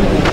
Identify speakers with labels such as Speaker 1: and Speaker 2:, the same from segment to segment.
Speaker 1: Thank you.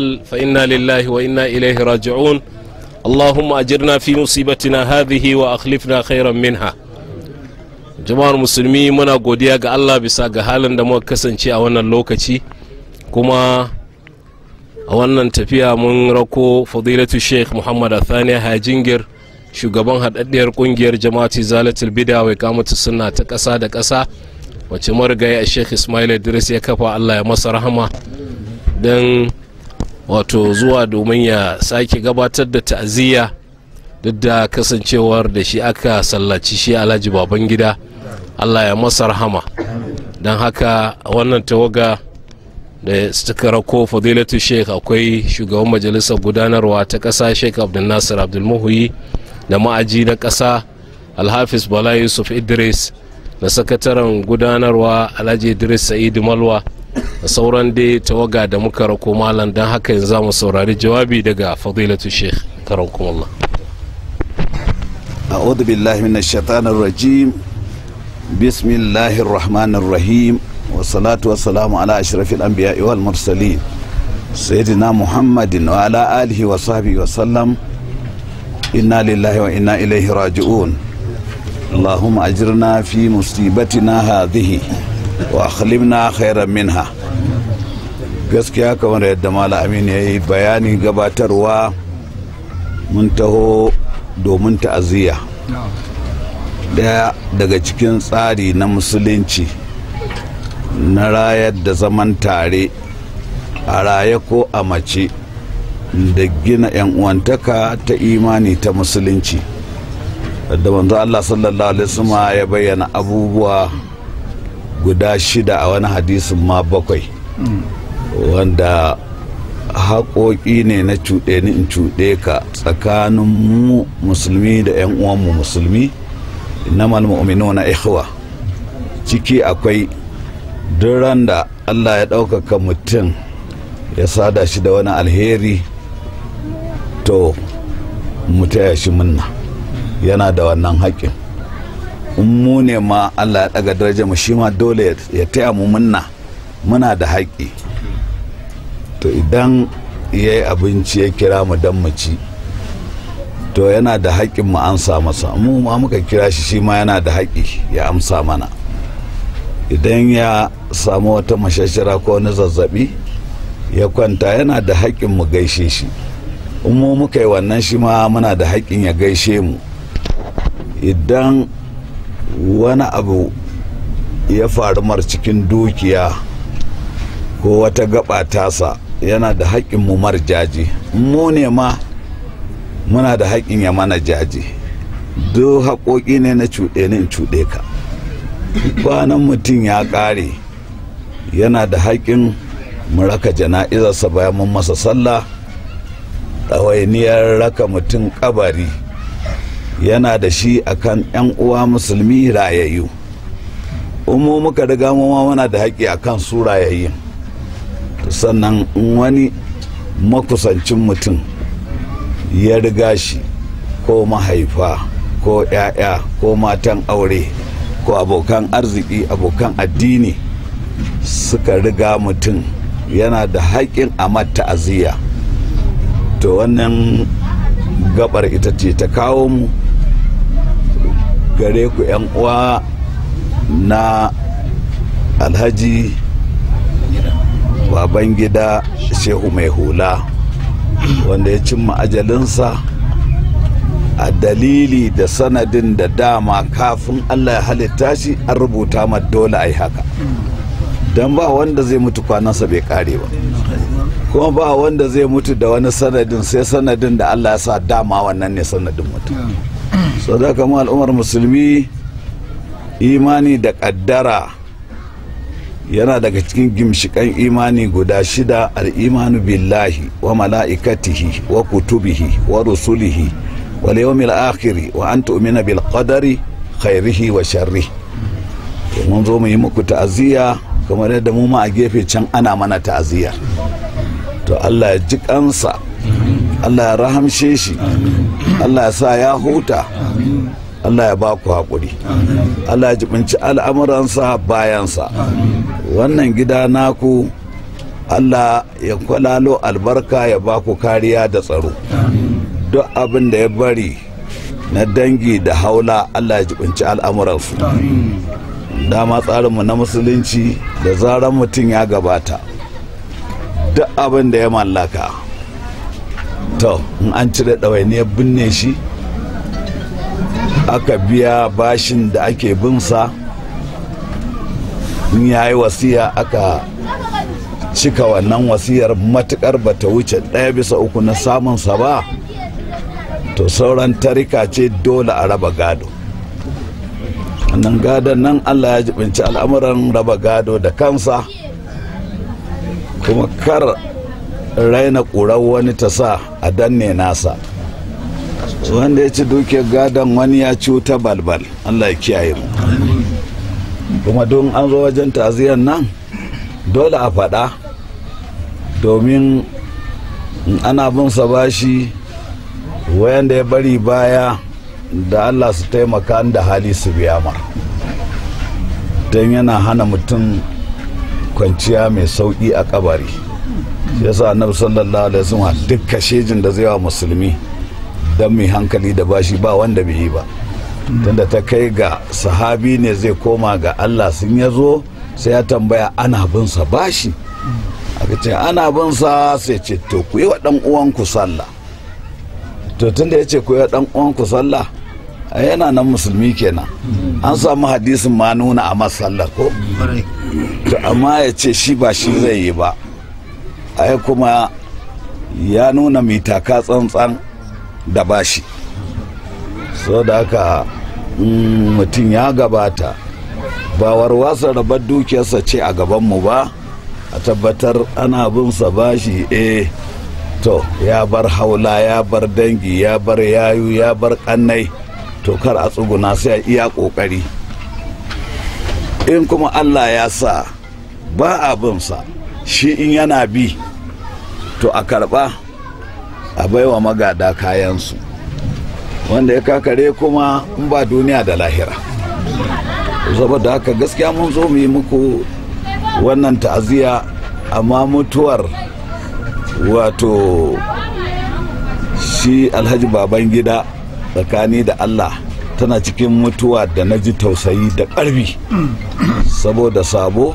Speaker 2: wa'inna فإنا لله وإنا إليه راجعون اللهم أجرنا في مصيبتنا هذه وأخلفنا خيرا منها jama'ar musulmi muna godiya ga allah bisa ga halin da muka kasance a wannan lokaci kuma a wannan tafiya mun rako fadilatu sheikh muhammad athani hajingir shugaban haɗaɗɗiyar ƙungiyar jama'ati zalatul bida wai kamata suna ta ƙasa da ƙasa wacce marigayi a sheikh ismail idris ya kafa allah ya masa rahama don wato zuwa domin ya sake gabatar da ta'aziyya duk da kasancewar da shi aka sallaci shi alhaji baban gida allah ya masa rahama don haka wannan tawaga da suka rako fadilatu sheikh akwai shugaban majalisar gudanarwa ta kasa sheikh abdulnasir abdulmuhuyi da ma'aji na kasa alhafiz bala yusuf idris da sakataren gudanarwa alhaji idris sa'idu malwa sauran dai tawaga da muka rako malam don haka yanzu za mu saurari jawabi daga fadilatu sheikh karan kumallah
Speaker 3: a'udhu billahi na shatanar rajim bismillahir rahmanir rahim wa salatu wa salamu ala biya iwal wal mursalin na muhammadin wa ala alihi wa sahbihi wa sallam inna lillahi wa inna ilaihi raji'un اللهم أجرنا في مصيبتنا hadihi. wa akhlimna khairan minha gaskiya kamar yadda malam aminu ya yi bayanin gabatarwa mun taho domin ta'aziyya daya daga cikin tsari na musulunci na rayar da zaman tare a raye ko a mace da gina 'yan uwantaka ta imani ta musulunci da manzo Allah sallallahu alaihi wasallam ya bayyana abubuwa guda shida a wani hadisin ma bakwai wanda haƙoƙi ne na cuɗe ni in cuɗe ka tsakanin mu musulmi da 'yan uwanmu musulmi na malmu'minu na ikhwa ciki akwai duran da allah ya ɗaukaka mutum ya sada shi da wani alheri to mu taya shi munna yana da wannan haƙƙin in mu ne ma Allah ya daga daraja mu shi ma dole ya taya mu munna muna da haƙƙi to idan ya yi abinci ya kira mu dan mu ci to yana da haƙƙin mu amsa masa mu ma muka kira shi shi ma yana da haƙƙi ya amsa mana idan ya samu wata mashashira ko wani zazzabi ya kwanta yana da haƙƙin mu gaishe shi in mu muka yi wannan shi ma muna da haƙƙin ya gaishe mu idan wani abu ya faru mar cikin dukiya ko wata gaba tasa yana da haƙƙin mu mar jaji mu ne ma muna da haƙƙin ya mana jaji duk haƙoƙi ne na cuɗe ne cuɗe ka kwanan mutum ya ƙare yana da haƙƙin mu raka jana'izarsa bayan mun masa sallah ɗawainiyar raka mutum ƙabari yana da shi akan 'yan uwa musulmi rayayyu umu muka riga ma muna da haƙƙi akan su rayayyun sannan wani makusancin mutum ya riga shi ko mahaifa ko 'ya'ya ko matan aure ko abokan arziki abokan addini suka riga mutum yana da haƙƙin a ta'aziyya to wannan gabar ita ce ta kawo mu gare ku yan uwa na alhaji baban gida shehu mai hula wanda ya cimma ajalinsa a dalili da sanadin da dama kafin allah ya halitta shi an rubuta ma dole a yi haka don ba wanda zai mutu kwanansa bai kare ba kuma ba wanda zai mutu da wani sanadin sai sanadin da allah ya sa dama wannan ne sanadin mutu sadaka mu al'ummar musulmi imani da ƙaddara yana daga cikin gimshikan imani guda shida al'imanu billahi wa mala'ikatihi wa kutubihi wa rusulihi wa yawmil akhiri wa an tu'mina bil qadari khairihi wa sharri mun zo mu yi muku ta'aziyya kamar yadda mu ma a gefe can ana mana ta'aziyya to Allah ya ji kansa Allah ya rahamshe shi Allah ya sa ya huta Allah ya ba ku haƙuri Allah ya jibinci al'amuransa bayansa wannan gida naku Allah ya kwalalo albarka ya ba ku kariya da tsaro duk abin da ya bari na dangi da haula Allah ya jibinci al'amuransu dama tsarinmu na musulunci da zaran mutum ya gabata duk abin da ya mallaka to in an cire ɗawainiyar binne shi aka biya bashin da ake binsa in ya yi wasiya aka cika wannan wasiyar matukar ba ta wuce ɗaya bisa uku na samun sa ba to sauran tarika ce dole a raba gado nan gadon nan allah ya jibinci al'amuran raba gado da kansa kuma kar raina ƙurar wani ta sa a danne nasa wanda ya ci dukiyar gadon wani ya ci wuta balbal allah ya kiyaye mu kuma don an zo wajen ta'aziyar nan dole a faɗa domin ana bin sa bashi wayanda ya bari baya da allah su taimaka da hali su biya ma don yana hana mutum kwanciya mai sauƙi a kabari shi yasa annabi sallallahu alaihi wasallam duk kashejin da zai wa musulmi dan mai hankali da bashi ba wanda bai yi ba tunda ta kai ga sahabi ne zai koma ga Allah sun ya zo sai ya tambaya ana bin sa bashi aka ce ana bin sa sai ce to ku yi wa dan uwanku sallah to tunda yace ku yi wa dan uwanku sallah yana nan musulmi kenan an samu hadisin ma nuna a masallar ko to amma ya ce shi ba shi zai yi ba ai kuma ya nuna mitaka ka tsantsan da bashi so da haka mutum ya gabata ba warwasa rabar dukiyarsa ce a gabanmu ba a tabbatar ana binsa bashi eh to ya bar haula ya bar dangi ya bar yayu ya bar kannai to kar a tsuguna sai a iya kokari in kuma allah ya sa ba binsa shi in yana bi to a karba a baiwa magada kayansu wanda ya kakare kuma in ba duniya da lahira saboda haka gaskiya mun zo mu yi muku wannan ta'aziyya amma mutuwar wato shi alhaji baban gida tsakani da allah tana cikin mutuwa da na ji tausayi da ƙarfi saboda sabo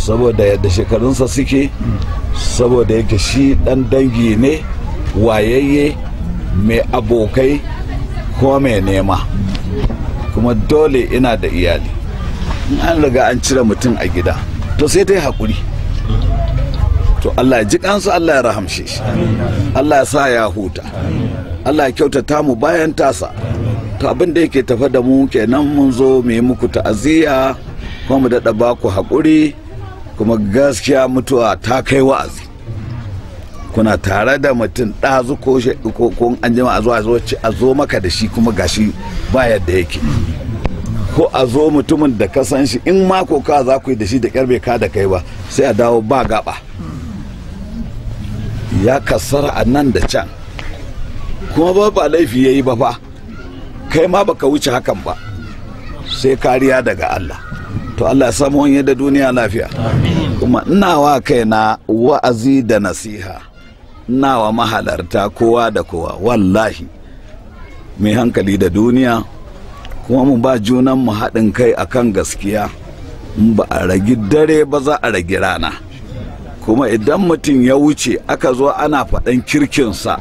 Speaker 3: saboda yadda shekarunsa suke saboda yake shi dan dangi ne wayayye mai abokai ko mai nema kuma dole ina da iyali an riga an cire mutum a gida to sai ta yi haƙuri to allah ya ji kansu allah ya rahamshe shi allah ya sa ya huta allah ya kyautata mu bayan tasa to abin da yake tafa da mu kenan mun zo mu yi muku ta'aziyya kuma mu daɗa ba ku haƙuri kuma gaskiya mutuwa ta kai wa'azi kuna tare da mutum ɗazu ko an jima a zo a zo maka da shi kuma gashi ba yadda yake ko a zo mutumin da ka san shi in mako ka za ku yi da shi da ƙyar ka da kai ba sai a dawo ba gaba ya kasara a nan da can kuma ba ba laifi ya yi ba fa kai ma baka wuce hakan ba sai kariya daga Allah to Allah ya samu wani da duniya lafiya kuma ina wa kaina wa'azi da nasiha nawa mahalarta kowa da kowa wallahi mai hankali da duniya kuma mu ba junan mu haɗin kai a kan gaskiya ba a ragi dare ba za a ragi rana kuma idan mutum ya wuce aka zo ana faɗan kirkinsa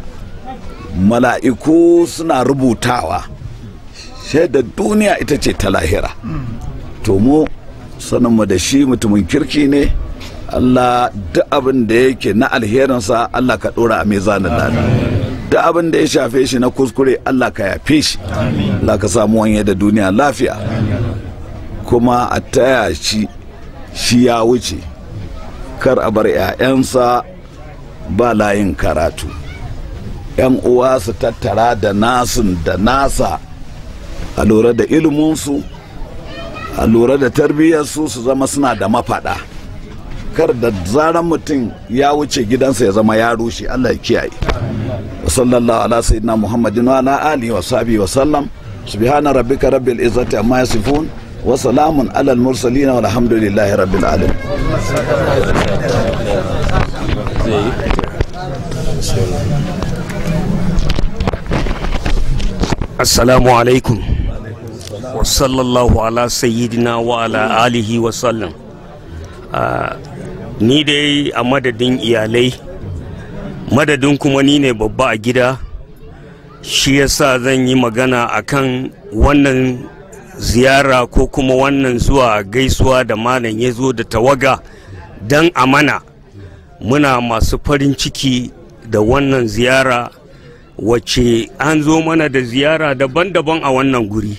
Speaker 3: mala'iku suna rubutawa shaidar duniya ita ce ta lahira mm. to mu mu da shi mutumin kirki ne Allah duk abin da yake na alherinsa Allah ka ɗora a mezanin lada duk abin da ya shafe shi na kuskure Allah ka yafe shi Allah ka samu wanye da duniya lafiya kuma a taya shi shi ya wuce kar a bar 'ya'yansa ba layin karatu 'yan uwa su tattara da nasun da nasa a lura da iliminsu a lura da tarbiyyar su su zama suna da mafaɗa kar da zaran mutum ya wuce gidansa ya zama ya rushe Allah ya kiyaye sallallahu ala sayyidina muhammadin wa ala alihi wa sahbihi wa sallam subhana rabbika rabbil izzati amma yasifun wa salamun ala al mursalin alhamdulillahi rabbil alamin
Speaker 1: assalamu alaikum wa sallallahu ala sayyidina wa ala alihi wa ah, ni dai a madadin iyalai madadin kuma ni ne babba a gida shi yasa zan yi magana akan wannan ziyara ko kuma wannan zuwa gaisuwa da malam ya zo da tawaga don amana muna masu farin ciki da wannan ziyara wacce an zo mana da ziyara daban-daban a wannan guri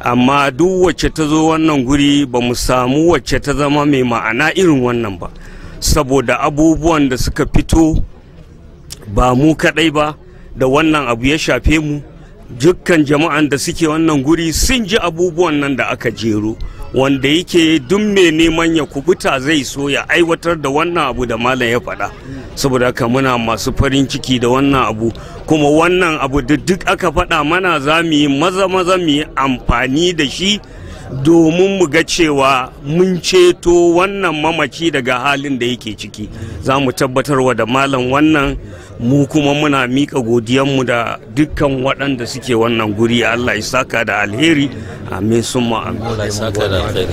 Speaker 1: amma duk wacce ta zo wannan guri ba mu samu wacce ta zama mai ma'ana irin wannan ba saboda abubuwan da suka fito ba mu kaɗai ba da wannan abu ya shafe mu dukkan jama'an da suke wannan guri sun ji abubuwan nan da aka jero wanda yake duk mai neman ya kubuta zai so ya aiwatar da wannan abu da malam ya faɗa saboda haka muna masu farin ciki da wannan abu kuma wannan abu da duk aka faɗa mana za mu yi maza maza mu yi amfani da shi domin mu ga cewa mun ceto wannan mamaci daga halin da yake ciki za mu tabbatarwa da malam wannan mu kuma muna mika godiyanmu da dukkan waɗanda suke wannan guri Allah ya da alheri amin summa
Speaker 3: amin